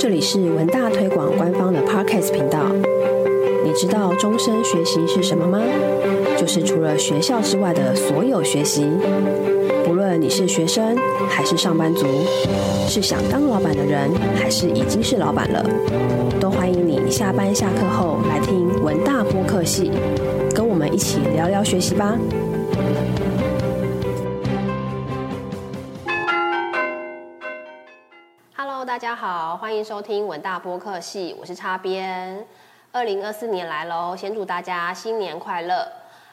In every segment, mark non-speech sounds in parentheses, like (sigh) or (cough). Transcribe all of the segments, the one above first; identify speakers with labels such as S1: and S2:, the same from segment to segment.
S1: 這裡是文大推廣官方的 Podcast 頻道。你知道終身學習是什麼嗎？就是除了學校之外的所有學習。不論你是學生還是上班族，是想當老板的人還是已經是老板了，都歡迎你下班下課後來聽文大播課系，跟我們一起聊聊學習吧。大家好，歡迎收聽文大播課系，我是插邊。二零二四年來嘍，先祝大家新年快樂。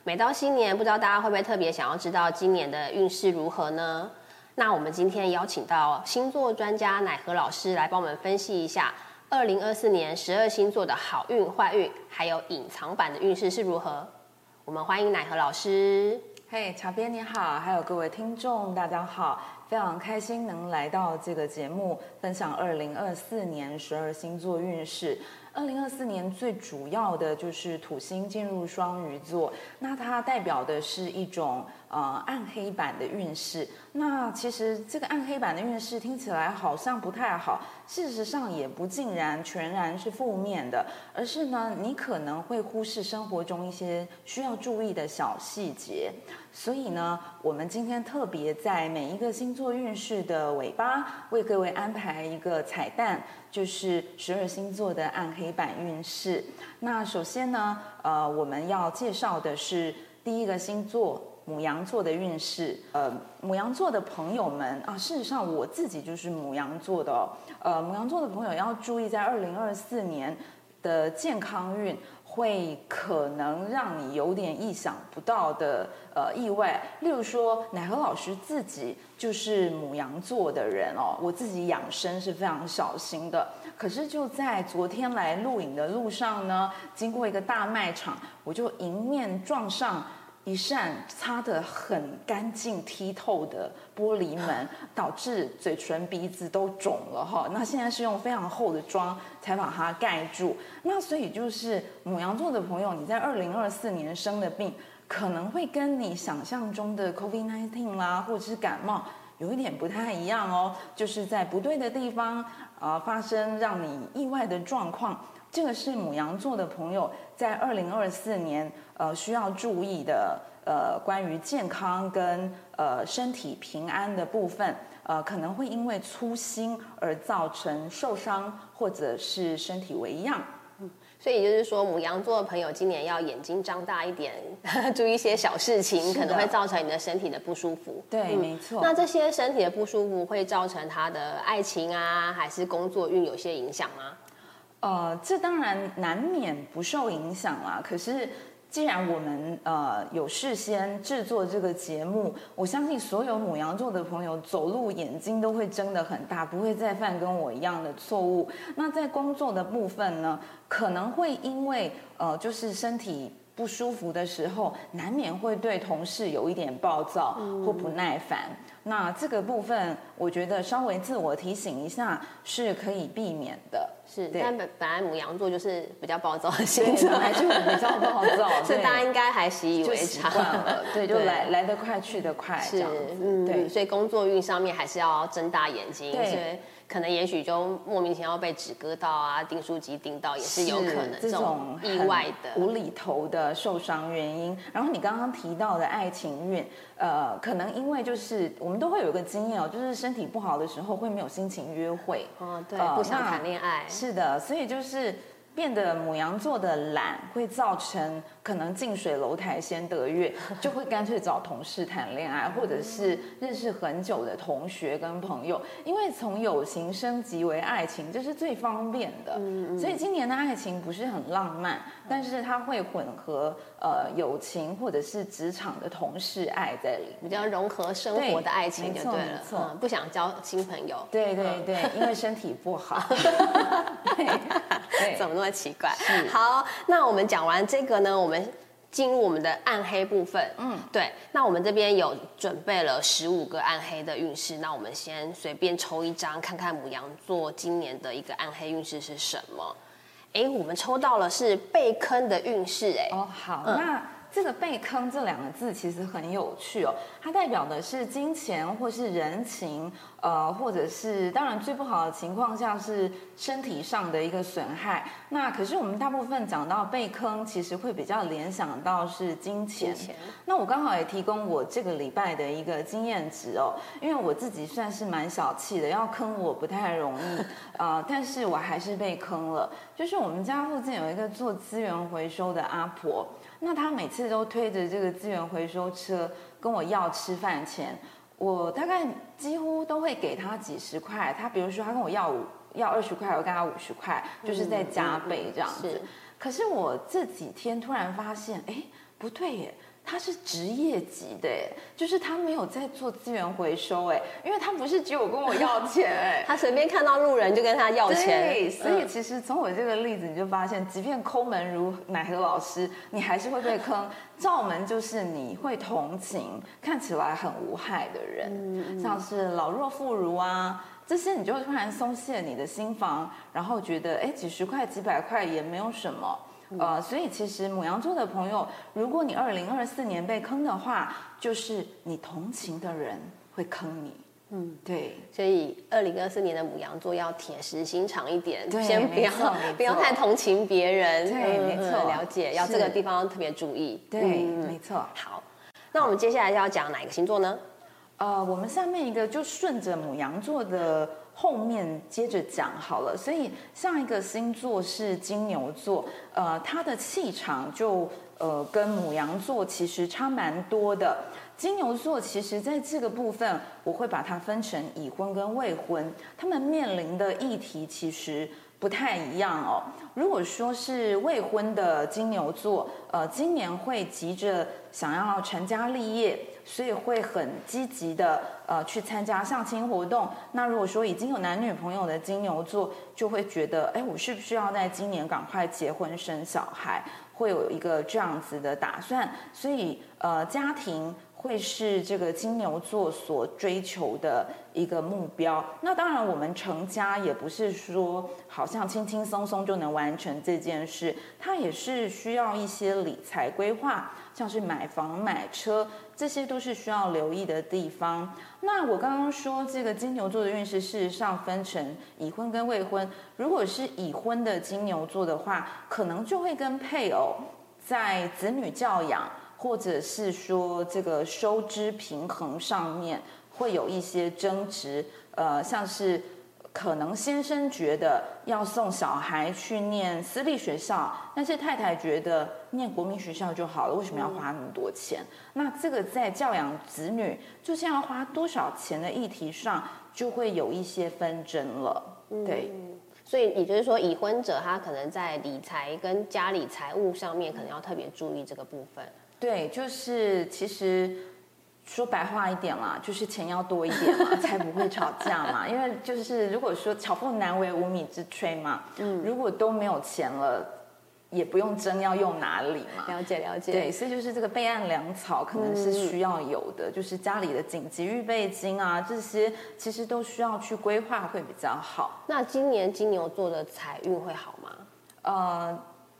S1: 每到新年，不知道大家會不會特別想要知道今年的運勢如何呢？那我們今天邀請到星座專家乃禾老師來幫我們分析一下二零二四年十二星座的好運、壞運，還有
S2: 隱藏版的運勢是如何。我們歡迎乃禾老師。嘿，插邊你好，還有各位聽眾，大家好。非常開心能來到這個節目，分享2024年十二星座運勢。2024年最主要的就是土星進入雙魚座，那它代表的是一種，呃，暗黑版的運勢。那其實這個暗黑版的運勢聽起來好像不太好，事實上也不盡然全然是負面的，而是呢，你可能會忽視生活中一些需要注意的小細節。所以呢，我們今天特別在每一個星座運勢的尾巴為各位安排一個彩蛋，就是十二星座的暗黑版運勢。那首先呢，呃，我們要介紹的是第一個星座。牡羊座的運勢，呃，牡羊座的朋友們啊，事實上我自己就是牡羊座的哦。呃，牡羊座的朋友要注意，在二零二四年的健康運會可能讓你有點意想不到的呃意外。例如說，乃禾老師自己就是牡羊座的人哦，我自己養生是非常小心的。可是就在昨天來錄影的路上呢，經過一個大賣場，我就迎面撞上。一扇擦得很乾淨、剔透的玻璃門，導致嘴唇、鼻子都腫了哈。那現在是用非常厚的妝才把它蓋住。那所以就是牡羊座的朋友，你在二零二四年生的病，可能會跟你想象中的 COVID nineteen 啦、啊，或者是感冒，有一點不太一樣哦。就是在不對的地方啊、呃，發生讓你意外的狀況。這個是牡羊座的朋友。在二零二四年，呃，需要注意的，呃，關於健康跟呃身體平安的部分，呃，可能會因為粗心而造成受傷或者是身體微恙。所以就是說，牡羊座
S1: 的朋友今年要眼睛張大一點，呵呵注意一些小事情，的可能會造成你的身體的
S2: 不舒服。對，嗯、沒錯。
S1: 那這些身體的不舒服會造成他的愛情啊，還
S2: 是工作運有
S1: 些影響嗎？
S2: 呃，這當然難免不受影響啦。可是，既然我們呃有事先製作這個節目，我相信所有牡羊座的朋友走路眼睛都會睜得很大，不會再犯跟我一樣的錯誤。那在工作的部分呢，可能會因為呃，就是身體不舒服的時候，難免會對同事有一點暴躁或不耐煩。嗯那這個部分，我覺得稍微自我提醒一下是可以避免的。是，對但本本
S1: 來牡羊座就是比較暴躁的星座，還是很暴躁，暴躁 (laughs) 對。所以大家應該還習以為常，對，對就來來得快去得快。是，嗯，對嗯。所以工作運上面還是要睜大眼睛，對。可能也許就莫名其妙被紙割到啊，釘書機釘到也是有可能這種意外的無厘
S2: 頭的受傷原因。很然後你剛剛提到的愛情運，呃，可能因為就是我們都會有一個經驗哦，就是身體不好的時候會沒有心情約會，哦，
S1: 對，呃、不想談
S2: 戀愛，是的，所以就是變得牡羊座的懶會造成。可能近水樓臺先得月，就會乾脆找同事談戀愛，或者是認識很久的同學跟朋友，因為從友情升級為愛情，這是最方便的。所以今年的愛情不是很浪漫，但是它會混合呃友情或者是職場的同事愛在裡，比較融合生活的愛情就對了錯、嗯。
S1: 不想交新
S2: 朋友。對對對， (laughs) 因為身
S1: 體不好。 (laughs) 對對怎麼那麼奇怪？是好，那我們講完這個呢，我們。進入我們的暗黑部分，嗯，對，那我們這邊有準備了十五個暗黑的運勢，那我們先隨便抽一張，看看牡羊座今年的一個暗黑運勢是什麼？哎、欸，我們抽到了是被坑的
S2: 運勢、欸，哎，哦，好，那。嗯這個“被坑”這兩個字其實很有趣哦，它代表的是金錢，或是人情，呃，或者是當然最不好的情況下是身體上的一個損害。那可是我們大部分講到被坑，其實會比較聯想到是金錢。金錢。那我剛好也提供我這個禮拜的一個經驗值哦，因為我自己算是蠻小氣的，要坑我不太容易，呃，但是我還是被坑了。就是我們家附近有一個做資源回收的阿婆，那她每次都推着這個資源回收車跟我要吃飯錢，我大概幾乎都會給她幾十塊。她比如說她跟我要五要二十塊，我給她五十塊，就是在加倍這樣子。嗯嗯嗯、是。可是我這幾天突然發現，哎，不對耶。他是職業級的、欸，就是他沒有在做資源回收，哎，因為他不是只有跟我要錢、欸， (laughs) 他隨便看到路人就跟他要錢，對，所以其實從我這個例子你就發現，即便摳門如乃禾老師，你還是會被坑。罩門就是你會同情看起來很無害的人，像是老弱婦孺啊，這些你就會突然鬆懈你的心防，然後覺得哎幾十塊幾百塊也沒有什麼。呃，所以其實牡羊座的朋友，如果你二零二四年被坑的話，就是你同情的人會坑你。嗯，
S1: 對。所以二零二四年的牡羊座要鐵石心腸一點，先不要不要太同情別人。對，沒錯，了解，要這個地方特別注意。對，沒錯。好，那我們接下來要講哪個星座
S2: 呢？呃，我們下面一個就順着牡羊座的。後面接着講好了，所以下一個星座是金牛座，呃，它的氣場就呃跟牡羊座其實差蠻多的。金牛座其實在這個部分，我會把它分成已婚跟未婚，他們面臨的議題其實。不太一樣哦。如果說是未婚的金牛座，呃，今年會急着想要成家立業，所以會很積極地，呃，去參加相親活動。那如果說已經有男女朋友的金牛座，就會覺得，哎，我是不是要在今年趕快結婚生小孩？會有一個這樣子的打算。所以，呃，家庭。會是這個金牛座所追求的一個目標。那當然，我們成家也不是說好像輕輕鬆鬆就能完成這件事，它也是需要一些理財規劃，像是買房、買車，這些都是需要留意的地方。那我剛剛說這個金牛座的運勢事實上分成已婚跟未婚。如果是已婚的金牛座的話，可能就會跟配偶在子女教養或者是說這個收支平衡上面會有一些爭執，呃，像是可能先生覺得要送小孩去念私立學校，但是太太覺得念國民學校就好了，為什麼要花那麼多錢？嗯、那這個在教養子女就像、是、要花多少錢的議題上，就會有一些紛爭了。對，嗯、
S1: 所以也就是說，已婚者他可能在理財跟家裡財務上面，可能要特別注意這個部分。
S2: 對，就是其實說白話一點啦，就是錢要多一點嘛， (laughs) 才不會吵架嘛。因為就是如果說“巧婦難為無米之炊”嘛，嗯，如果都沒有錢了，也不用爭要用哪裡嘛、嗯。了解，了解。對，所以就是這個備案糧草可能是需要有的，嗯、就是家裡的緊急預備金啊，這些其實都需要去規劃會比較好。那
S1: 今年金牛座的財運會好嗎？
S2: 呃。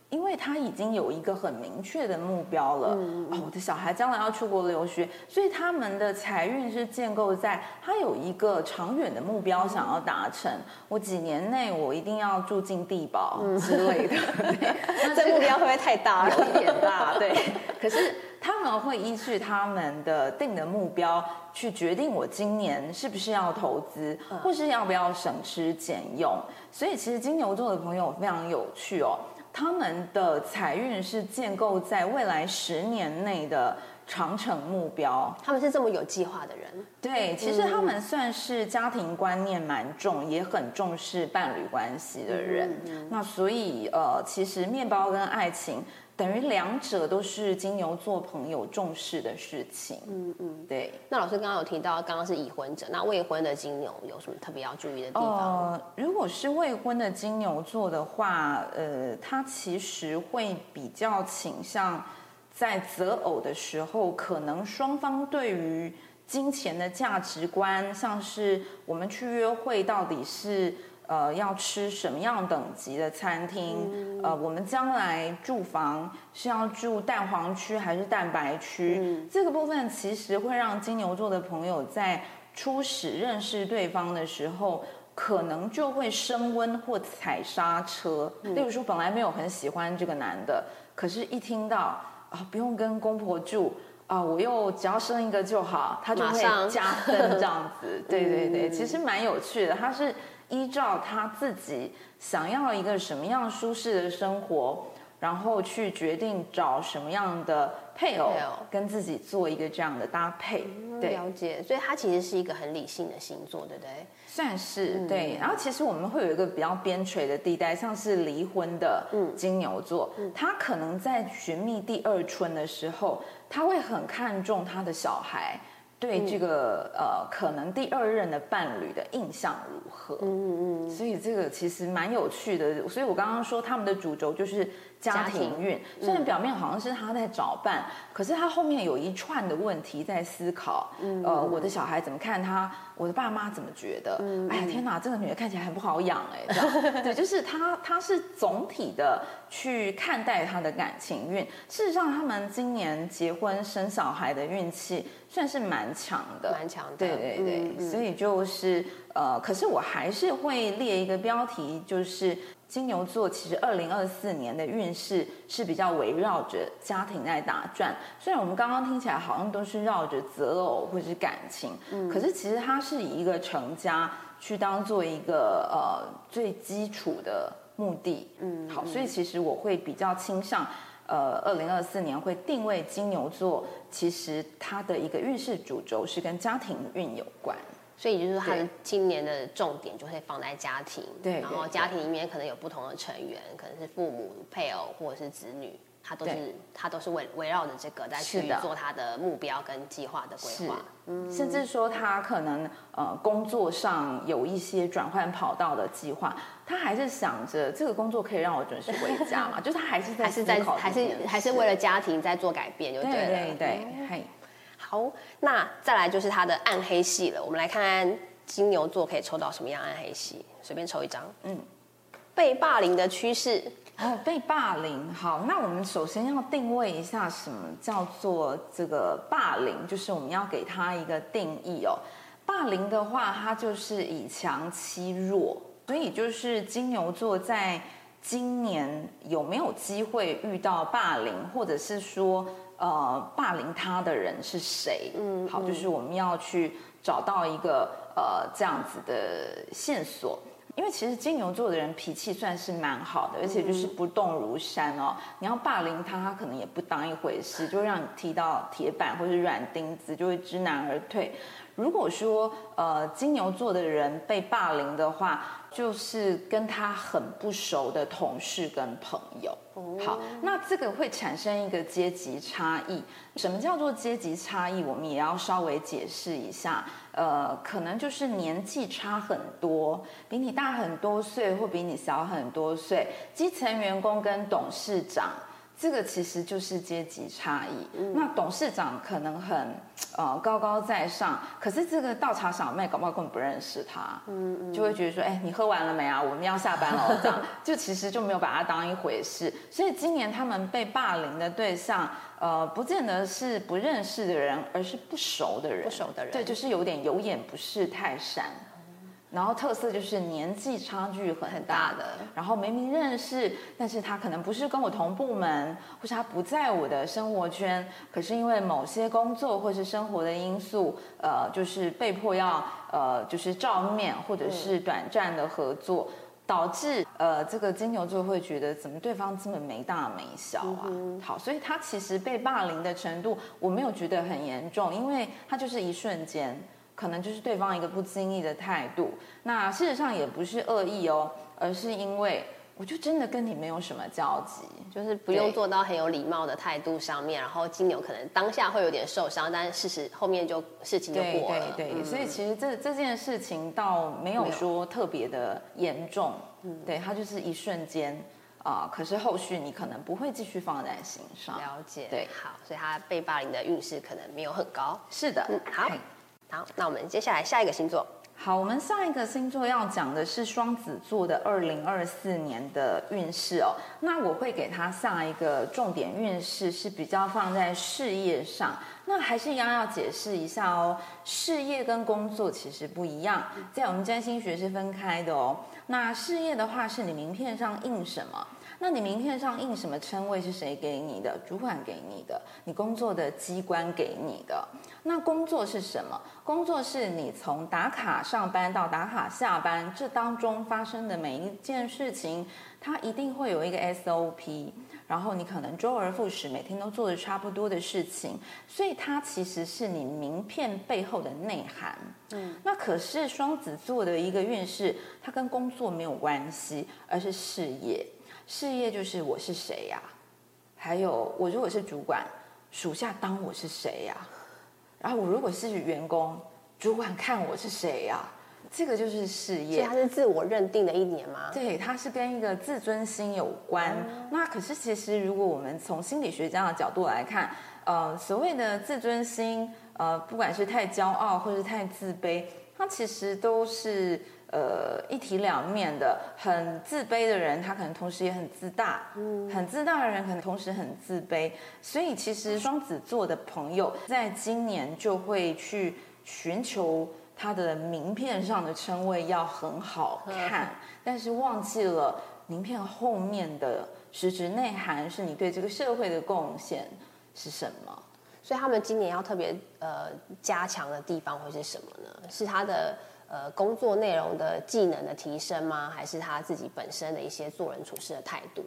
S2: 因為他已經有一個很明確的目標了，我的小孩將來要出國留學，所以他們的財運是建構在他有一個長遠的目標想要達成。我幾年內我一定要住進帝寶之類的，那這目標會不會太大了？有點大。對，可是他們會依據他們的定的目標去決定我今年是不是要投資，或是要不要省吃儉用。所以其實金牛座的朋友非常有趣哦。他們的財運是建構在未來十年內的長程目標，他們是這麼有計劃的人。對，其實他們算是家庭觀念蠻重，也很重視伴侶關係的人。那所以，呃，其實麵包跟愛情。等於兩者都是金牛座朋友重視的事情，嗯嗯，對。那
S1: 老師剛剛有提到，剛剛是已婚者，那未婚的金牛有什麼特別要注意的地
S2: 方？呃，如果是未婚的金牛座的話，呃，他其實會比較傾向在擇偶的時候，可能雙方對於金錢的價值觀，像是我們去約會到底是。呃，要吃什麼樣等級的餐廳？嗯、呃，我們將來住房是要住蛋黃區還是蛋白區？嗯、這個部分其實會讓金牛座的朋友在初始認識對方的時候，可能就會升溫或踩剎車。例、嗯、如說，本來沒有很喜歡這個男的，嗯、可是一聽到啊，不用跟公婆住啊，我又只要生一個就好，他就會加分這樣子。馬上 (laughs) 對對對，其實蠻有趣的，他是。依照他自己想要一個什麼樣舒適的生活，然後去決定找什麼樣的配偶，配偶跟自己做一個這樣的搭配。嗯、對，了解，所以他其實是一個很理性的星座，對不對？算是對。嗯、然後其實我們會有一個比較邊陲的地帶，像是離婚的金牛座，他、嗯、可能在尋覓第二春的時候，他會很看重他的小孩。對這個、嗯、呃，可能第二任的伴侶的印象如何？嗯嗯，嗯嗯，所以這個其實蠻有趣的。所以我剛剛說他們的主軸就是家庭運，家庭，嗯、雖然表面好像是他在找伴，嗯、可是他後面有一串的問題在思考。嗯、呃，嗯、我的小孩怎麼看他？我的爸媽怎麼覺得？嗯、哎呀，天哪，嗯、這個女的看起來很不好養哎、欸。 (laughs) 對，就是她，她是總體的去看待她的感情運。事實上，他們今年結婚生小孩的運氣算是蠻強的，蠻強的。對對對，嗯嗯、所以就是呃，可是我還是會列一個標題，就是。金牛座其實二零二四年的運勢是比較圍繞着家庭在打轉，雖然我們剛剛聽起來好像都是繞着擇偶或者是感情，可是其實它是以一個成家去當做一個呃最基礎的目的，嗯，好，所以其實我會比較傾向，呃，二零二四年會定位金牛座，其實它的一個運勢主軸是跟家庭運有關。所以就是說，他的今年的重點就會放在家庭。
S1: 對，然後家庭裡面可能有不同的成員，可能是父母、配偶或者是子女，他都是對他都是圍圍繞着這個的在去做他的目標跟計劃的規劃，
S2: 是嗯，甚至說他可能呃工作上有一些轉換跑道的計劃，他還是想着這個工作可以讓我準時回家嘛， (laughs) 就是他還是還是在考慮還是
S1: 還是為了家庭在做改變就對對對，對對嗯好，那再來就是他的暗黑系了。我們來看看金牛座可以抽到什麼樣暗黑系，隨便抽一張。
S2: 嗯，被霸凌的趨勢，被霸凌。好，那我們首先要定位一下什麼叫做這個霸凌，就是我們要給他一個定義哦。霸凌的話，它就是以強欺弱，所以就是金牛座在今年有沒有機會遇到霸凌，或者是說？呃，霸凌他的人是誰？嗯，嗯，好，就是我們要去找到一個呃這樣子的線索。因為其實金牛座的人脾氣算是蠻好的，而且就是不動如山哦。嗯。你要霸凌他，他可能也不當一回事，就會讓你踢到鐵板或是軟釘子，就會知難而退。如果說呃金牛座的人被霸凌的話。就是跟他很不熟的同事跟朋友，
S1: 好，那
S2: 這個會產生一個階級差異。什麼叫做階級差異？我們也要稍微解釋一下。呃，可能就是年紀差很多，比你大很多歲，或比你小很多歲。基層員工跟董事長。這個其實就是階級差異。嗯、那董事長可能很呃高高在上，可是這個倒茶小妹，搞不好根本不認識他，嗯嗯，
S1: 就會覺
S2: 得說，哎，你喝完了沒啊？我們要下班了， (laughs) 就其實就沒有把他當一回事。所以今年他們被霸凌的對象，呃，不見得是不認識的人，而是不熟的人，不熟的人，對，就是有點有眼不識泰山。然後特色就是年紀差距很大的，然後明明認識，但是他可能不是跟我同部門，或者他不在我的生活圈，可是因為某些工作或是生活的因素，呃，就是被迫要呃就是照面，或者是短暫的合作，導致呃這個金牛座會覺得怎麼對方這麼沒大沒小啊？好，所以他其實被霸凌的程度我沒有覺得很嚴重，因為他就是一瞬間。可能就是對方一個不經意的態度，那事實上也不是惡意哦，嗯、而是因為我就真的跟你沒有什麼交集，就是不用做到很有
S1: 禮貌的態度上面。然後金牛可能當下會有點受傷，但是事實後面就事情就過了。對，對對，嗯、所以
S2: 其實這這件事情倒沒有說特別的嚴重，嗯、對，他就是一瞬間啊、呃。可是後續你可能不會繼續放在心上。了解，對，好，所以他被霸凌的運勢可能沒有很高。是的，嗯，好。好，那我們接下來下一個星座。好，我們下一個星座要講的是雙子座的二零二四年的運勢哦。那我會給他下一個重點運勢是比較放在事業上。那還是一樣要解釋一下哦，事業跟工作其實不一樣，在我們占星學是分開的哦。那事業的話是你名片上印什麼？那你名片上印什麼稱謂？是誰給你的？主管給你的？你工作的機關給你的？那工作是什麼？工作是你從打卡上班到打卡下班，這當中發生的每一件事情，它一定會有一個 SOP。然後你可能周而復始，每天都做的差不多的事情，所以它其實是你名片背後的內涵。嗯，那可是雙子座的一個運勢，它跟工作沒有關係，而是事業。事業就是我是誰呀？還有我如果是主管，屬下當我是誰呀？然後我如果是員工，主管看我是誰呀？這個就是事業，所以他是自我認定的一年嗎？對，他是跟一個自尊心有關。嗯。那可是其實如果我們從心理學這樣的角度來看，呃，所謂的自尊心，呃，不管是太驕傲或是太自卑，它其實都是。呃，一體兩面的，很自卑的人，他可能同時也很自大。嗯，很自大的人，可能同時很自卑。所以，其實雙子座的朋友在今年就會去尋求他的名片上的稱謂要很好看，呵呵，但是忘記了名片後面的實質內涵是你對這個社會的貢獻是什麼。所以，他們今年要特別，呃，加強的地
S1: 方會是什麼呢？是他的。呃，工作內容的技能的提升嗎？還是
S2: 他自己本身的一些做人處事的態度？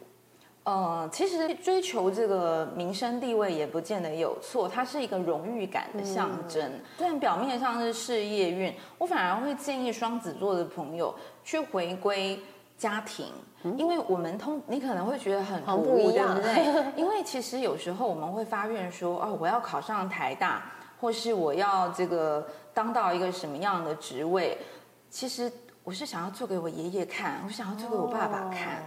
S2: 呃，其實追求這個名聲地位也不見得有錯，它是一個榮譽感的象徵。雖然、嗯、表面上是事業運，我反而會建議雙子座的朋友去回歸家庭，嗯、因為我們通你可能會覺得很不一樣。對對 (laughs) 因為其實有時候我們會發願說：“哦，我要考上台大，或是我要這個。”當到一個什麼樣的職位？其實我是想要做給我爺爺看，Oh. 我想要做給我爸爸看。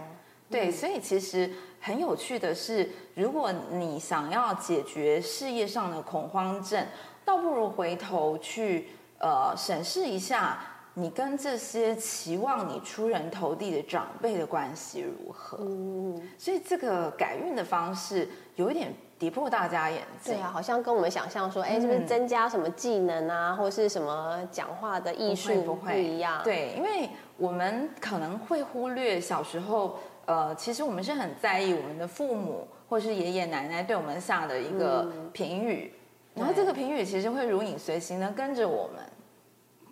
S1: 對，嗯，所
S2: 以其實很有趣的是，如果你想要解決事業上的恐慌症，倒不如回頭去呃審視一下你跟這些期望你出人頭地的長輩的關係如何。嗯，所以這個改運的方式有一點。跌破大家眼鏡。對啊，好像跟我們想象說，哎，這邊增加什麼技能啊，嗯、或是什麼講話的藝術不一樣，不會不會。對，因為我們可能會忽略小時候，呃，其實我們是很在意我們的父母、嗯、或是爺爺奶奶對我們下的一個評語，嗯、然後這個評語其實會如影隨形的跟着我們。對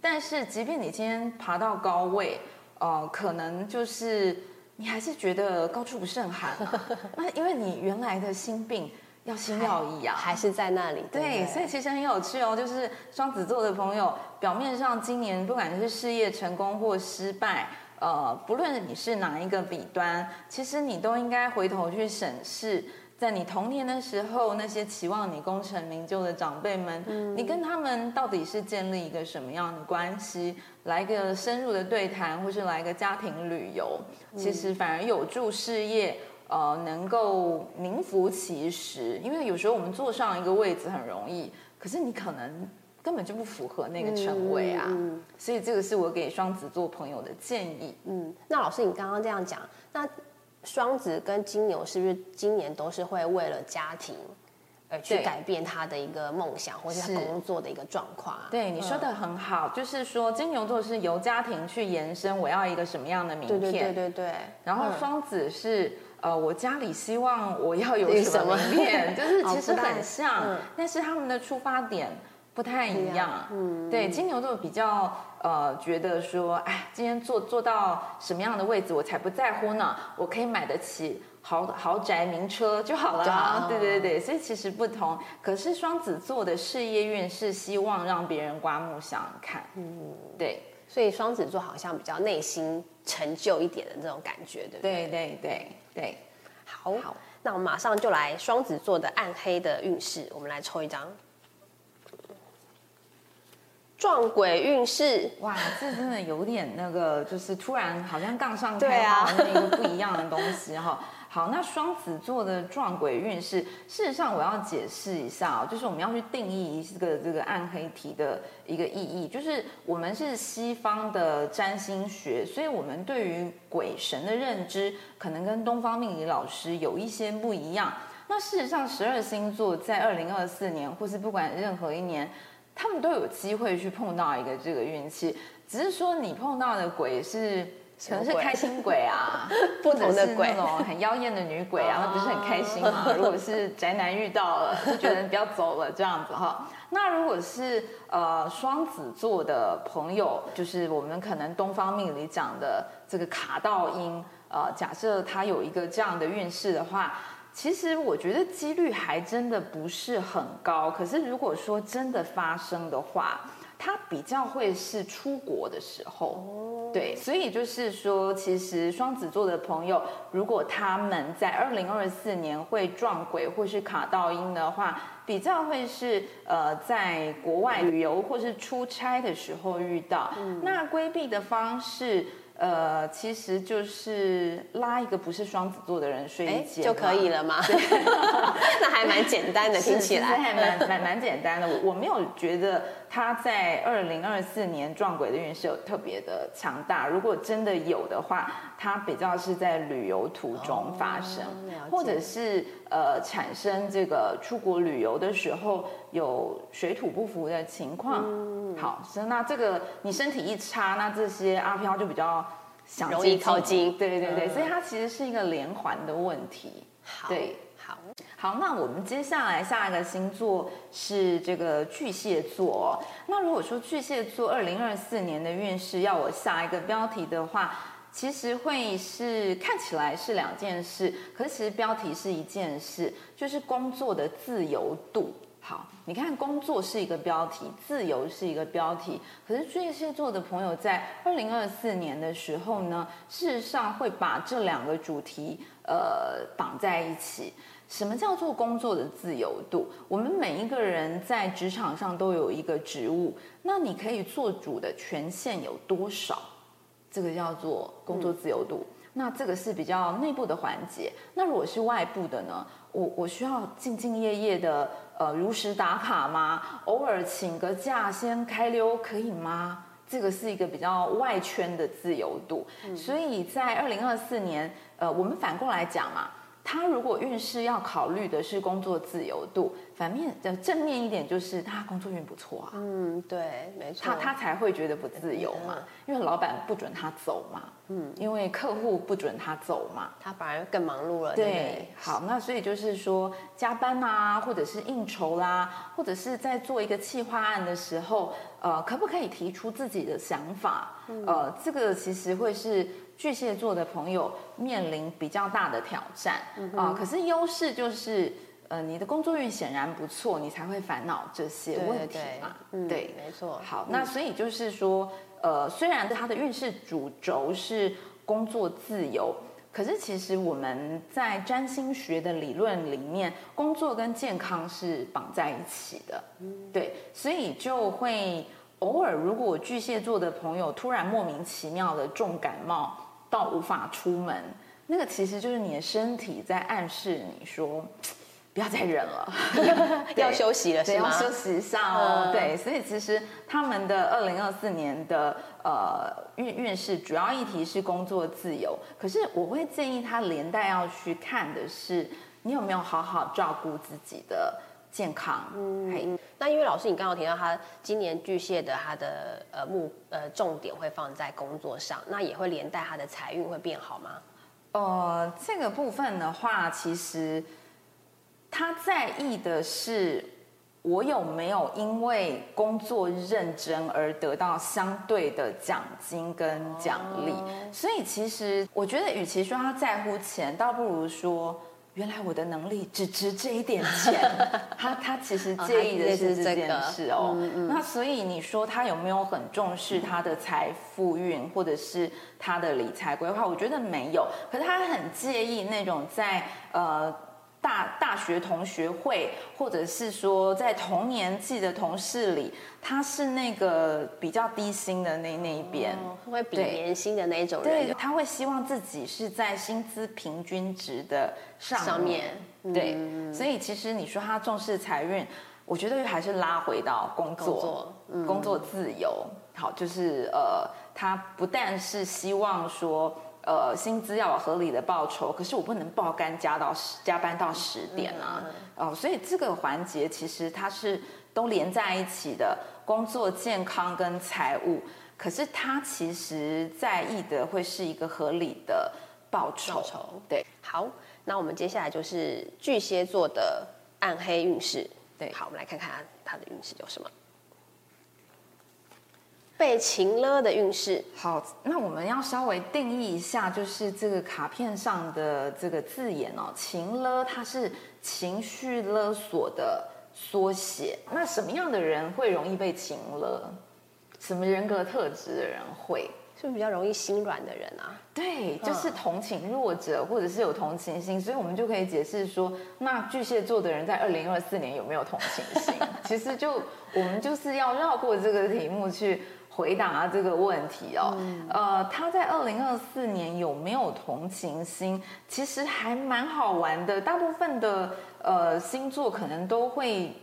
S2: 但是，即便你今天爬到高位，呃，可能就是你還是覺得高處不勝寒。 (laughs) 那因為你原來的心病。要心要意啊還，還是在那裡。對，對，對，所以其實很有趣哦。就是雙子座的朋友，表面上今年不管是事業成功或失敗，呃，不論你是哪一個彼端，其實你都應該回頭去審視，在你童年的時候，那些期望你功成名就的長輩們，嗯，你跟他們到底是建立一個什麼樣的關係？來個深入的對談，或是來個家庭旅遊，其實反而有助事業。呃，能夠名副其實，因為有時候我們坐上一個位置很容易，可是你可能根本就不符合那個稱謂啊。嗯嗯，所以這個是我給雙子座朋友的建議。嗯，那老
S1: 師，你剛剛這樣講，那雙子跟金牛是不是今年都是會為了
S2: 家庭？
S1: 對去改變
S2: 他的一個夢想，或者是他工作的一個狀況。對，你說的很好，嗯、就是說金牛座是由家庭去延伸，我要一個什麼樣的名片？對對對對，然後雙子是、嗯、呃，我家裡希望我要有什麼名片。什麼 (laughs) 就是其實很像，哦，嗯、但是他們的出發點不太一樣。嗯，對，金牛座比較。呃，覺得說，哎，今天坐坐到什麼樣的位置我才不在乎呢？我可以買得起豪豪宅、名車就好了、啊。好對對對，所以其實不同。可是雙子座的事業運是希望讓別人刮目相看。嗯，對。所以雙子座好像比較內心成就一
S1: 點的那種感覺，對不對？對對對對。好，好，那我們馬上就來雙子座的暗黑的運勢，我們來抽一張。
S2: 撞鬼運勢，哇，這真的有點那個，就是突然好像槓上開花，那個不一樣的東西哈。對啊、 (laughs) 好，那雙子座的撞鬼運勢，事實上我要解釋一下哦，就是我們要去定義這個這個暗黑體的一個意義，就是我們是西方的占星學，所以我們對於鬼神的認知可能跟東方命理老師有一些不一樣。那事實上，十二星座在二零二四年，或是不管任何一年。他們都有機會去碰到一個這個運氣，只是說你碰到的鬼是可能是開心鬼啊，或者是那種很妖豔的女鬼啊，那不是很開心嘛啊，如果是宅男遇到了，就覺得不要走了這樣子哈。那如果是呃雙子座的朋友，就是我們可能東方命理講的這個卡到陰，呃，假設他有一個這樣的運勢的話。其實我覺得幾率還真的不是很高，可是如果說真的發生的話，它比較會是出國的時候，哦、對，所以就是說，其實雙子座的朋友，如果他們在二零二四年會撞鬼或是卡到陰的話，比較會是呃在國外旅遊或是出差的時候遇到。嗯、那規避的方式。呃，其實就是拉一個不是雙子座的人睡一覺就可以了嗎？對 (laughs) (laughs) 那還蠻簡單的，聽起來還蠻蠻蠻簡單的，我，我沒有覺得。他在二零二四年撞鬼的運勢有特別的強大，如果真的有的話，它比較是在旅遊途中發生，哦、或者是呃產生這個出國旅遊的時候有水土不服的情況。嗯、好，所以那這個你身體一差，那這些阿飄就比較容易靠近。對對對，嗯、所以它其實是一個連環的問題。好。對好，那我們接下來下一個星座是這個巨蟹座哦。那如果說巨蟹座二零二四年的運勢，要我下一個標題的話，其實會是看起來是兩件事，可是其實標題是一件事，就是工作的自由度。好，你看工作是一個標題，自由是一個標題，可是巨蟹座的朋友在二零二四年的時候呢，事實上會把這兩個主題呃綁在一起。什麼叫做工作的自由度？我們每一個人在職場上都有一個職務，那你可以做主的權限有多少？這個叫做工作自由度。嗯、那這個是比較內部的環節。那如果是外部的呢？我我需要兢兢業業的，呃，如實打卡嗎？偶爾請個假先開溜可以嗎？這個是一個比較外圈的自由度。嗯、所以在二零二四年，呃，我們反過來講嘛。他如果運勢要考慮的是工作自由度，反面正面一點就是他工作運不錯啊。嗯，對，沒錯，他他才會覺得不自由嘛，因為老闆不准他走嘛，
S1: 嗯，因
S2: 為客戶不准他走嘛，他反而更忙碌了。對，對，對，好，那所以就是說加班啊，或者是應酬啦，或者是在做一個企劃案的時候。呃，可不可以提出自己的想法？嗯、呃，這個其實會是巨蟹座的朋友面臨比較大的挑戰啊、嗯哼呃。可是優勢就是，呃，你的工作運顯然不錯，你才會煩惱這些問題嘛。對，對，嗯、對沒錯。好，那所以就是說，呃，雖然他的運勢主軸是工作自由。可是，其實我們在占星學的理論裡面，工作跟健康是綁在一起的，對，所以就會偶爾，如果巨蟹座的朋友突然莫名其妙的重感冒到無法出門，那個其實就是你的身體在暗示你說。不要再忍了。
S1: (laughs) 要休息了，是嗎？對，要休息
S2: 上哦。對，所以其實他們的二零二四年的呃運運勢主要議題是工作自由，可是我會建議他連帶要去看的是你有沒有好好照顧自己的健康。嗯，嘿那因為老師，你剛剛有提到他今年巨蟹的
S1: 他的呃目呃重點會放在工作上，那也會連帶他的財運會變好嗎？
S2: 呃，這個部分的話，其實。他在意的是，我有沒有因為工作認真而得到相對的獎金跟獎勵？所以其實我覺得，與其說他在乎錢，倒不如說原來我的能力只值這一點錢。他他其實介意的是這件事哦。那所以你說他有沒有很重視他的財富運，或者是他的理財規劃？我覺得沒有，可是他很介意那種在呃。大大學同學會，或者是說在同年紀的同事裡，他是那個比較低薪的那那一邊，哦，會比年薪的那種人。對，他會希望自己是在薪資平均值的上，上面，嗯、對，所以其實你說他重視財運，我覺得還是拉回到工作，工作，嗯，工作自由，好，就是呃，他不但是希望說。嗯呃，薪資要有合理的報酬，可是我不能爆肝，加到十，加班到十點、嗯、啊！哦、嗯呃，所以這個環節其實它是都連在一起的，嗯、工作健康跟財務，可是他其實在意的會是一個合理的報酬。嗯、對，好，那我們接下來就是巨蟹座的
S1: 暗黑運勢。對，對，好，我們來看看他的運勢有什麼。
S2: 被情勒的運勢。好，那我們要稍微定義一下，就是這個卡片上的這個字眼哦，“情勒”它是情緒勒索的縮寫。那什麼樣的人會容易被情勒？什麼人格特質的人會？是不是比較容易心軟的人啊？對，就是同情弱者或者是有同情心，嗯、所以我們就可以解釋說，那巨蟹座的人在二零二四年有沒有同情心？ (laughs) 其實就我們就是要繞過這個題目去回答這個問題哦，嗯、呃，他在二零二四年有沒有同情心？其實還蠻好玩的，大部分的呃星座可能都會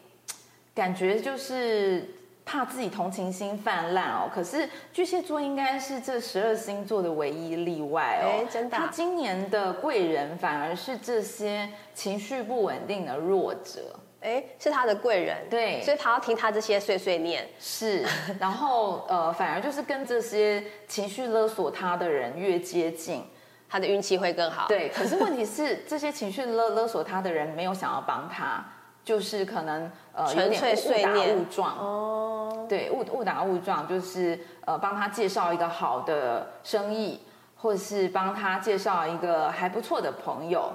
S2: 感覺就是怕自己同情心泛濫哦。可是巨蟹座應該是這十二星座的唯一例外哦，誒，真的啊？他今年的貴人反而是這些情緒不穩定的弱者。哎，是他的貴人，對，所以他要聽他這些碎碎念，是。然後呃，反而就是跟這些情緒勒索他的人越接近，他的運氣會更好。對，可是問題是， (laughs) 這些情緒勒勒索他的人沒有想要幫他，就是可能呃，純粹碎念有點誤打誤撞。哦，對，誤誤打誤撞，就是呃，幫他介紹一個好的生意，或是幫他介紹一個還不錯的朋友。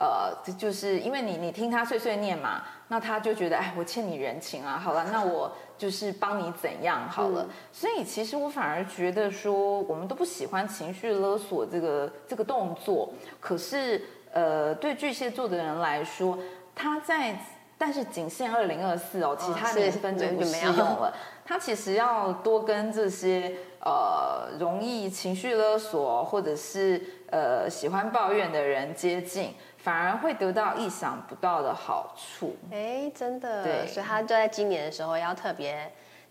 S2: 呃，這就是因為你你聽他碎碎念嘛，那他就覺得哎，我欠你人情啊，好了，那我就是幫你怎樣好了。嗯、所以其實我反而覺得說，我們都不喜歡情緒勒索這個這個動作。可是，呃，對巨蟹座的人來說，他在但是僅限二零二四哦，其他年份就、哦、沒，沒有用了。他其實要多跟這些呃容易情緒勒索或者是呃喜歡抱怨的人接近。反而會得到意想不到的好處。
S1: 哎、欸，真的，對，所以他就在今年的時候要特別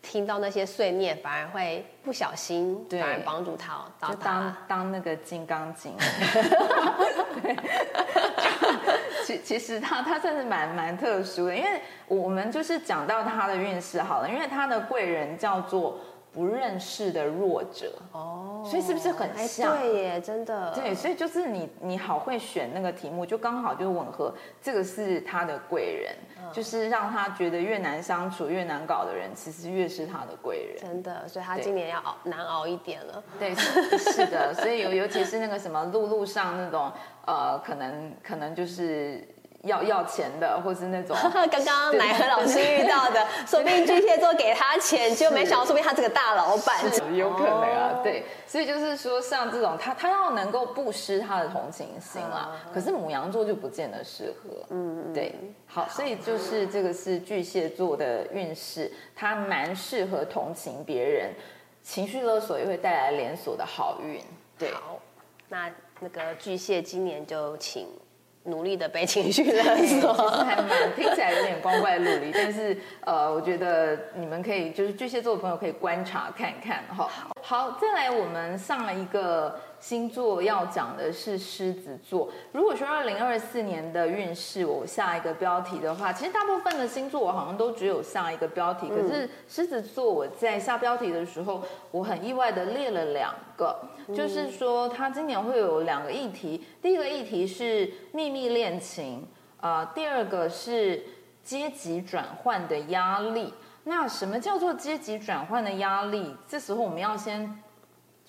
S1: 聽到那些碎
S2: 念，反而會不小心，反而幫助他，對他當當那個金剛經。其實他他算是蠻蠻特殊的，因為我們就是講到他的運勢好了，因為他的貴人叫做。不認識的弱者哦，所以是不是很像？對耶，真的。對，所以就是你，你好會選那個題目，就剛好就吻合。這個是他的貴人，嗯、就是讓他覺得越難相處、越難搞的人，其實越是他的貴人。真的，所以他今年要熬難熬一點了。對，對是，是的，所以尤尤其是那個什麼陸路，路上那種呃，可能可能就是。要要錢的，或是那種 (laughs) 剛剛乃禾和老師遇到的。對對對，說不定巨蟹座給
S1: 他錢對對對就沒想到，說不定他是個大老闆，是是有可能啊。哦、
S2: 對，所以就是說，像這種他他要能夠不失他的同情心啊。哦、可是牡羊座就不見得適合。嗯，嗯，對。好，好，所以就是這個是巨蟹座的運勢，他蠻適合同情別人，情緒勒索也會帶來連鎖的好運。對。好，那
S1: 那個巨蟹今年就請。努力的被情緒勒索，是嗎？還
S2: 蠻聽起來有點光怪陸離， (laughs) 但是呃，我覺得你們可以，就是巨蟹座的朋友可以觀察看一看哈。好，好，再來我們上了一個。星座要講的是獅子座。如果說二零二四年的運勢，我下一個標題的話，其實大部分的星座我好像都只有下一個標題。嗯、可是獅子座，我在下標題的時候，我很意外地列了兩個，嗯、就是說他今年會有兩個議題。第一個議題是秘密戀情，啊、呃，第二個是階級轉換的壓力。那什麼叫做階級轉換的壓力？這時候我們要先。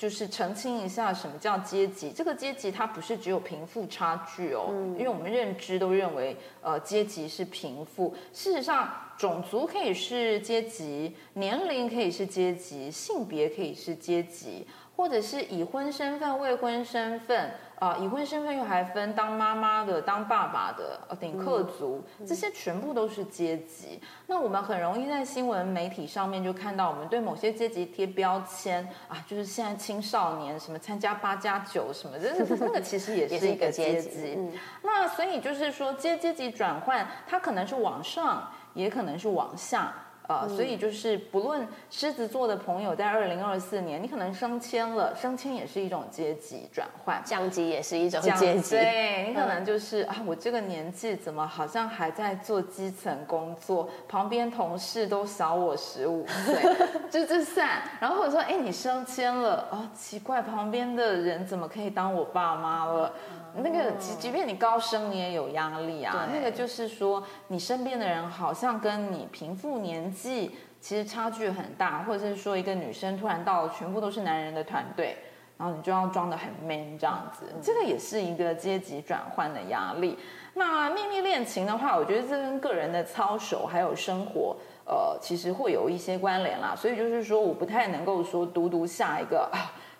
S2: 就是澄清一下，什麼叫階級？這個階級它不是只有貧富差距哦，嗯。因為我們認知都認為，呃，階級是貧富。事實上，種族可以是階級，年齡可以是階級，性別可以是階級。或者是已婚身份、未婚身份啊，已、呃、婚身份又還分當媽媽的、當爸爸的、頂客族，這些全部都是階級。嗯、那我們很容易在新聞媒體上面就看到，我們對某些階級貼標籤啊，就是現在青少年什麼參加八加九什麼，這、那個其實也是一個階級。階級。嗯、那所以就是說，階階級轉換，它可能是往上，也可能是往下。啊、呃，所以就是不論獅子座的朋友，在二零二四年，你可能升遷了，升遷也是一種階級轉換，降級也是一種階級。對你可能就是、嗯、啊，我這個年紀怎麼好像還在做基層工作，旁邊同事都小我十五歲，就就算？然後或者說，哎、欸，你升遷了啊，奇怪，旁邊的人怎麼可以當我爸媽了？嗯那個，即即便你高升，你也有壓力啊。嗯、那個就是說，你身邊的人好像跟你貧富、年紀其實差距很大，或者是說，一個女生突然到了全部都是男人的團隊，然後你就要裝得很 man 這樣子，這個也是一個階級轉換的壓力。那秘密戀情的話，我覺得這跟個人的操守還有生活，呃，其實會有一些關聯啦。所以就是說，我不太能夠說讀讀下一個。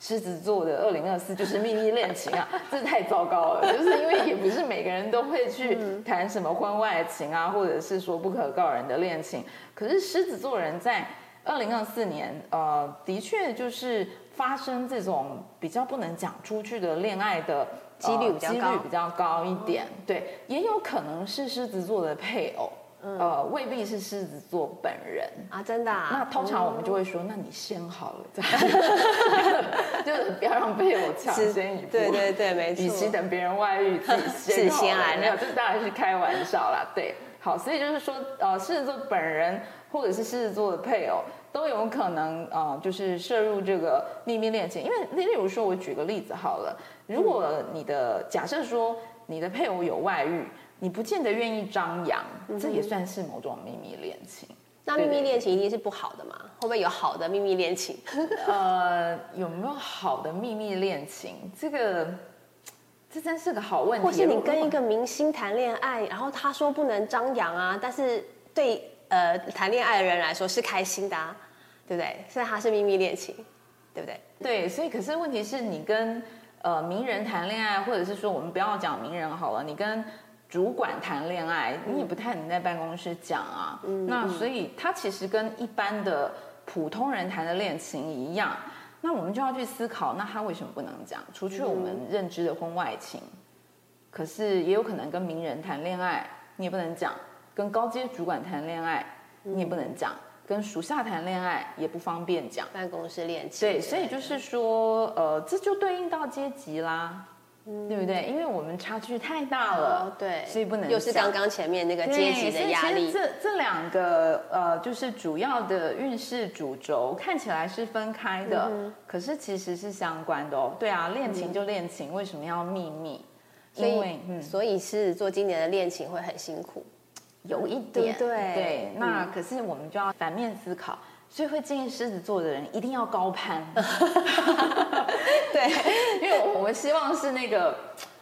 S2: 獅子座的二零二四就是秘密戀情啊， (laughs) 這太糟糕了。就是因為也不是每個人都會去談什麼婚外情啊，嗯、或者是說不可告人的戀情。可是獅子座人在二零二四年，呃，的確就是發生這種比較不能講出去的戀愛的幾、嗯、率、率比較高一點。哦、對，也有可能是獅子座的配偶。嗯、呃，未必是獅子座本人啊，真的，啊。那通常我們就會說，哦，那你先好了，哦、再 (laughs) 就不要讓配偶搶先一步。對對對，沒錯。與其等別人外遇，自己先來，沒有、 (laughs) 啊，這當然是開玩笑啦。對，好，所以就是說，呃，獅子座本人或者是獅子座的配偶都有可能，呃，就是涉入這個秘密戀情。因為，例如說，我舉個例子好了，如果你的，嗯、假設說你的配偶有外遇。你不見得願意張揚，這也算是某種秘密戀情。那秘密戀情一定是不好的嘛？會不會有好的秘密戀情？呃，有沒有好的秘密戀情？這個，這真是個好問題。或是你跟一個
S1: 明星談戀愛，然後他說不能張揚啊，但是對呃談戀愛的人來說是開心的啊，對不對？所以他
S2: 是秘密戀情，對不對？對，所以可是問題是你跟呃名人談戀愛，或者是說我們不要講名人好了，你跟。主管談戀愛，你也不太能在辦公室講啊。嗯、那所以他其實跟一般的普通人談的戀情一樣，那我們就要去思考，那他為什麼不能講？除去我們認知的婚外情，嗯、可是也有可能跟名人談戀愛，你也不能講；跟高階主管談戀愛，你也不能講；嗯、跟屬下談戀愛也不方便講。辦公室戀情，對，所以就是說，嗯、呃，這就對應到階級啦。對不對？因為我們差距太大了，哦、對，所以不能。又是剛剛前面那個階級的壓力。其實這這兩個呃，就是主要的運勢主軸看起來是分開的，嗯、哼可是其實是相關的哦。對啊，戀情就戀情，嗯、為什麼要秘密？所以因為嗯，
S1: 所以是做今年的戀情會很辛苦，
S2: 有一點、嗯、對，對，對。那可是我們就要反面思考。所以會建議獅子座的人一定要高攀， (laughs) 對，因為我們希望是那個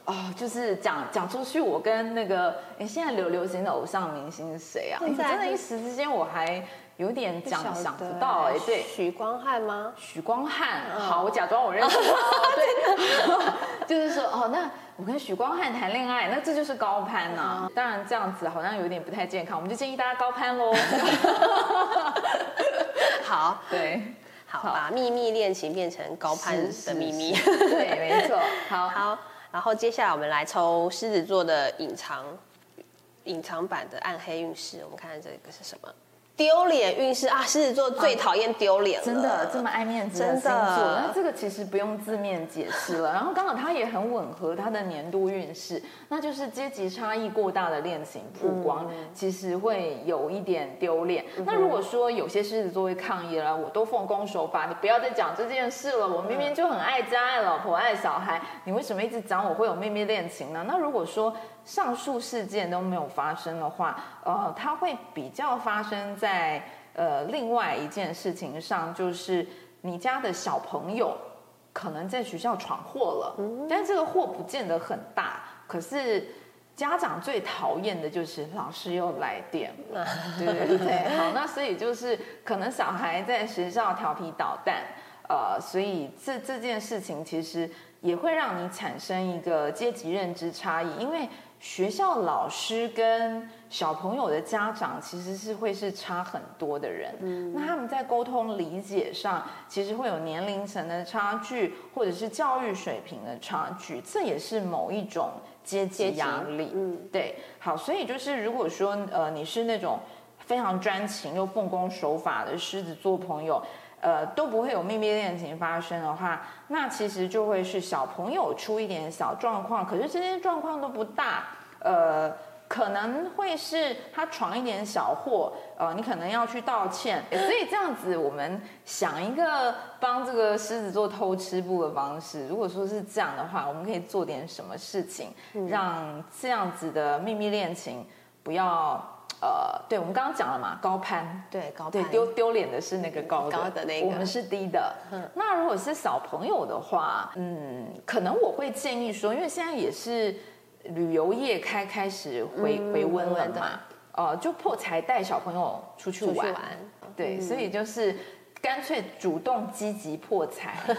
S2: 哦，就是講講出去，我跟那個哎，現在流流行的偶像明星是誰啊？現在真的，一時之間我還。有點想想不到，哎，對，許光漢嗎？許光漢，好，我假裝我認識。對，就是說，哦，那我跟許光漢談戀愛，那這就是高攀吶。當然，這樣子好像有點不太健康，我們就建議大家高攀嘍。好，對，
S1: 好，把秘密戀情變成高攀的秘密。對，沒錯。好，好，然後接下來我們來抽獅子座的隱藏、隱藏版的暗黑運勢，我們看看這個是什麼。
S2: 丟臉運勢啊，獅子座最討厭丟臉了，啊、真的這麼愛面子的星座。真的那這個其實不用字面解釋了。 (laughs) 然後剛好它也很吻合它的年度運勢，那就是階級差異過大的戀情曝光，嗯、其實會有一點丟臉。嗯、那如果說有些獅子座會抗議了，我都奉公守法，嗯、你不要再講這件事了。我明明就很愛家、愛老婆、嗯、愛小孩，你為什麼一直講我會有秘密戀情呢？那如果說。上述事件都沒有發生的話，呃，它會比較發生在呃另外一件事情上，就是你家的小朋友可能在學校闖禍了，嗯、但這個禍不見得很大，可是家長最討厭的就是老師又來電了，嗯、對對對。好，那所以就是可能小孩在學校調皮搗蛋，呃，所以這這件事情其實也會讓你產生一個階級認知差異，因為。學校老師跟小朋友的家長其實是會是差很多的人，嗯、那他們在溝通理解上，其實會有年齡層的差距，或者是教育水平的差距，這也是某一種階級壓力，啊嗯、對，好，所以就是如果說呃你是那種非常專情又奉公守法的獅子座朋友。呃，都不會有秘密戀情發生的話，那其實就會是小朋友出一點小狀況，可是這些狀況都不大。呃，可能會是他闖一點小禍，呃，你可能要去道歉。所以這樣子，我們想一個幫這個獅子座偷吃步的方式。如果說是這樣的話，我們可以做點什麼事情，讓這樣子的秘密戀情不要。呃，對，我們剛剛講了嘛，高攀，對，高攀，對，丟丟臉的是那個高的，嗯、高的那個，我們是低的。嗯、那如果是小朋友的話，嗯，可能我會建議說，因為現在也是旅遊業開開始回回溫了嘛，哦、嗯呃，就破財帶小朋友出去玩，去玩對，嗯、所以就是乾脆主動積極破財。 (laughs)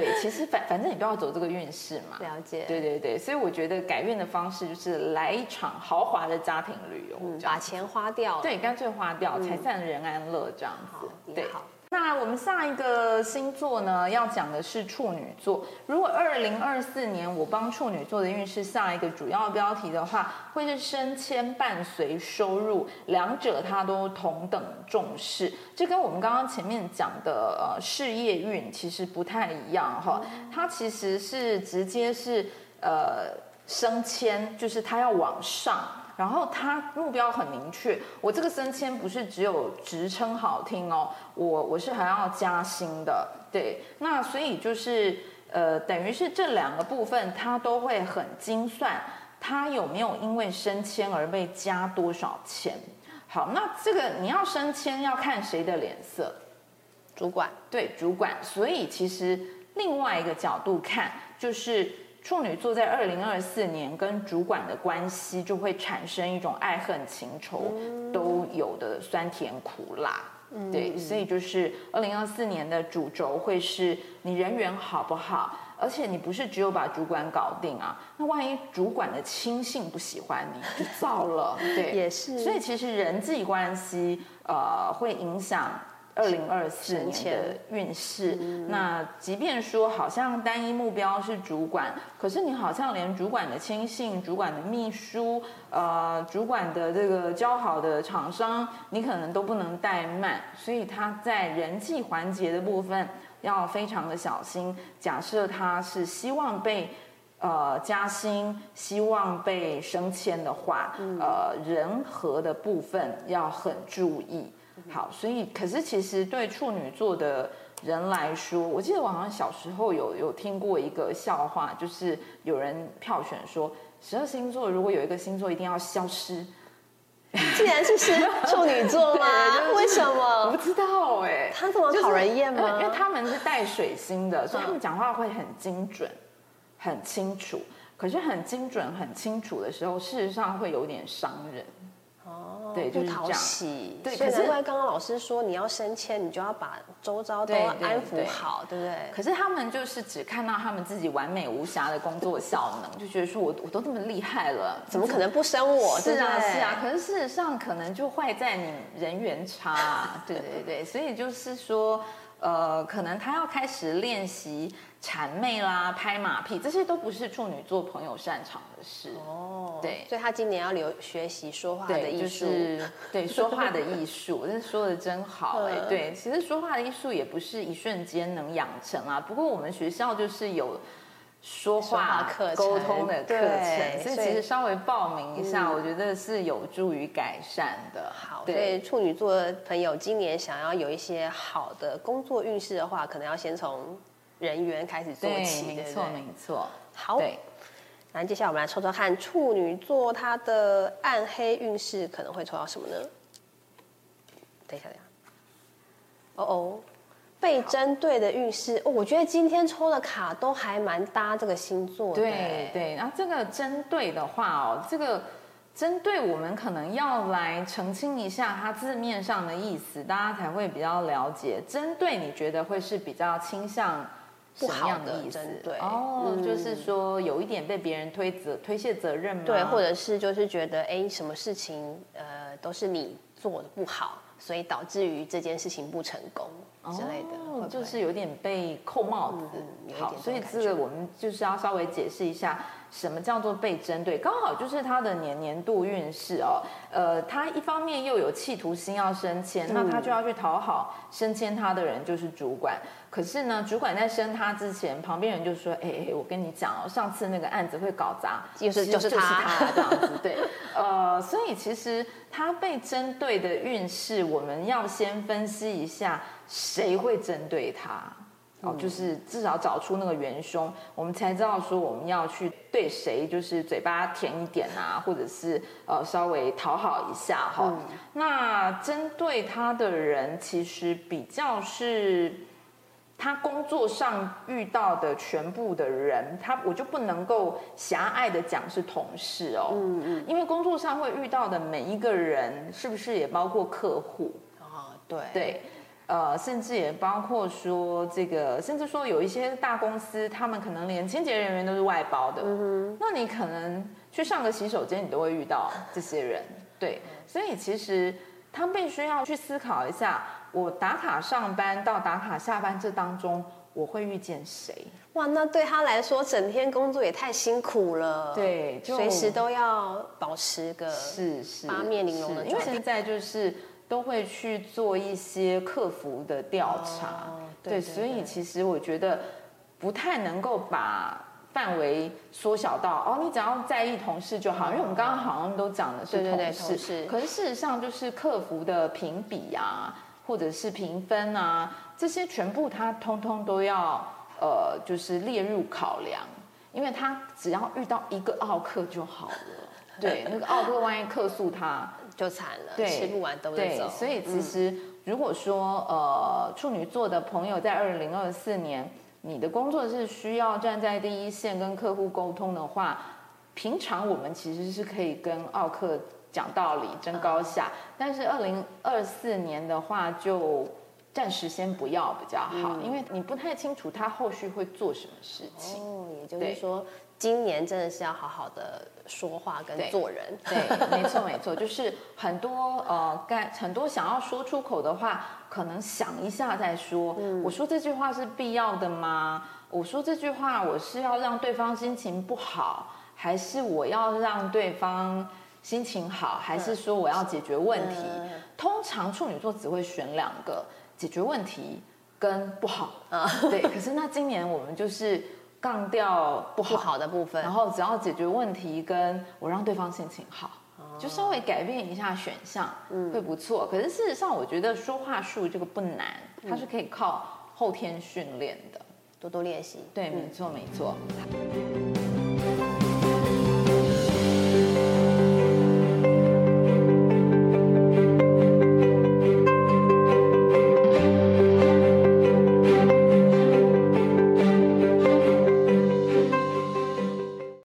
S2: 對，其實反反正你不要走這個運勢嘛。了解。對對對，所以我覺得改運的方式就是來一場豪華的家庭旅遊，嗯、把錢花掉，對，乾脆花掉，嗯、財散人安樂這樣子。好，對。那我們下一個星座呢，要講的是處女座。如果二零二四年我幫處女座的運勢下一個主要標題的話，會是升遷伴隨收入，兩者它都同等重視。這跟我們剛剛前面講的呃事業運其實不太一樣哈，嗯、它其實是直接是呃升遷，就是它要往上。然後他目標很明確，我這個升遷不是只有職稱好聽哦，我我是還要加薪的，對，那所以就是呃，等於是這兩個部分他都會很精算，他有沒有因為升遷而被加多少錢？好，那這個你要升遷要看誰的臉色，主管對主管，所以其實另外一個角度看就是。處女座在二零二四年跟主管的關係就會產生一種愛恨情仇都有的酸甜苦辣，嗯、
S1: 對，所
S2: 以就是二零二四年的主軸會是你人緣好不好，嗯、而且你不是只有把主管搞定啊，那萬一主管的親信不喜歡你，就糟了， (laughs) 對，也是，所以其實人際關係呃會影響。二零二四年的運勢，嗯、那即便說好像單一目標是主管，可是你好像連主管的親信、主管的秘書、呃，主管的這個交好的廠商，你可能都不能怠慢，所以他在人際環節的部分要非常的小心。假設他是希望被呃加薪、希望被升遷的話，呃，人和的部分要很注意。好，所以可是其實對處女座的人來說，我記得我好像小時候有有聽過一個笑話，就是有人票選說十二星座如果有一個星座一定要消失，竟然是是處女座嗎？ (laughs) 就是、為什麼？我不知道哎、欸，他這麼討人厭嗎、就是呃？因為他們是帶水星的， (laughs) 對所以他們講話會很精準、很清楚。可是很精準、很清楚的時候，事實上會有點傷人。
S1: 哦，對，就是、討喜。對，然可是因為剛剛老師說，你要升遷，你就要把周遭都安撫好，
S2: 對，對，對，對不對？可是他們就是只看到他們自己完美無瑕的工作效能，就覺得說我我都這麼厲害了， (laughs) 就怎麼可能不升我？是啊，是啊。可是事實上，可能就壞在你人緣差、啊。對， (laughs) 對對對，所以就是說。呃，可能他要開始練習諂媚啦、拍馬屁，這些都不是處女座朋友擅長的事
S1: 哦。對，所以他今年要留學習說話的藝術，對，就是、對，說話的藝
S2: 術， (laughs) 這說得真好哎。呵對，其實說話的藝術也不是一瞬間能養成啊。不過我們學校就是有。說話、說話課程溝通的課程，對所以其實稍微報名一下，嗯、我覺得是有助於改善的。好，對所以
S1: 處女座的朋友，今年想要有一些好的工作運勢的話，可能要先從人員開始做起。對對對沒錯，沒錯。好，那對接下來我們來抽抽看處女座他的暗黑運勢可能會抽到什麼呢？等一下，等一下，哦哦。被針對的運勢好、哦，我覺得今天抽的卡都還蠻搭這個星座對
S2: 對，然後對、啊、這個針對的話哦，這個針對我們可能要來澄清一下它字面上的意思，大家才會比較了解。針對你覺得會是比較傾向什麼樣的意思？不好的針對？哦，嗯、就是說有一點被別人推責、推卸責任嗎、嗯？對，或者是就是覺得哎，什麼事情呃
S1: 都是你做的不好，所以導致於這件事情不成功。
S2: 就是有點被扣帽子，嗯、好，所以這個我們就是要稍微解釋一下，什麼叫做被針對。剛好就是他的年年度運勢哦，呃，他一方面又有企圖心要升遷，嗯、那他就要去討好升遷他的人，就是主管。可是呢，主管在升他之前，旁邊人就說：“哎，我跟你講哦，上次那個案子會搞砸，就就，就，就是他 (laughs) 這樣子。”對，呃，所以其實他被針對的運勢，我們要先分析一下。誰會針對他？
S1: 嗯、哦，就是
S2: 至少找出那個元凶，我們才知道說我們要去對誰，就是嘴巴甜一點啊，或者是呃稍微討好一下哈。哦嗯、那針對他的人，其實比較是他工作上遇到的全部的人，他我就不能夠狹隘的講是同事哦，嗯、因為工作上會遇到的每一個人，是不是也包括客戶啊、哦？對。對呃，甚至也包括說這個，甚至說有一些大公司，他們可能連清潔人員都是外包的。嗯哼，那你可能去上個洗手間，你都會遇到這些人。對，嗯、所以其實他們必須要去思考一下，我打卡上班到打卡下班這當中，我會遇見誰？
S1: 哇，那對他來說，整天工作也太辛
S2: 苦了。對，就隨時都要保持個是是八面玲瓏的是是是，因為現在就是。都會去做一些客服的調查，哦、對，對，對，對，所以其實我覺得不太能夠把範圍縮小到哦，你只要在意同事就好，哦、因為我們剛剛好像都講的是同事，對對對同事，可是事實上就是客服的評比啊，或者是評分啊，這些全部他通通都要呃，就是列入考量，因為他只要遇到一個奧客就好了，
S1: (laughs) 對，那個奧客
S2: 萬一客訴他，就慘了，對，吃不完兜著走。對對所以其實，如果說、嗯、呃處女座的朋友在二零二四年，你的工作是需要站在第一線跟客戶溝通的話，平常我們其實是可以跟奧客講道理爭高下，嗯、但是二零二四年的話，就暫時先不要比較好，嗯、因為你不太清楚他後續會做什麼事情。
S1: 哦、也就是說。
S2: 今年真的是要好好的說話跟做人對，對，沒錯沒錯， (laughs) 就是很多呃，該很多想要說出口的話，可能想一下再說。嗯、我說這句話是必要的嗎？我說這句話，我是要讓對方心情不好，還是我要讓對方心情好，還是說我要解決問題？嗯、通常處女座只會選兩個解決問題跟不好，嗯、對。可是那今年我們就是。槓掉不好、不好的部分，然後只要解決問題，跟我讓對方心情好，嗯、就稍微改變一下選項，嗯，會不錯。嗯、可是事實上，我覺得說話術這個不難，嗯、它是可以靠後天訓練的，多多練習。對，嗯、沒錯，沒錯。嗯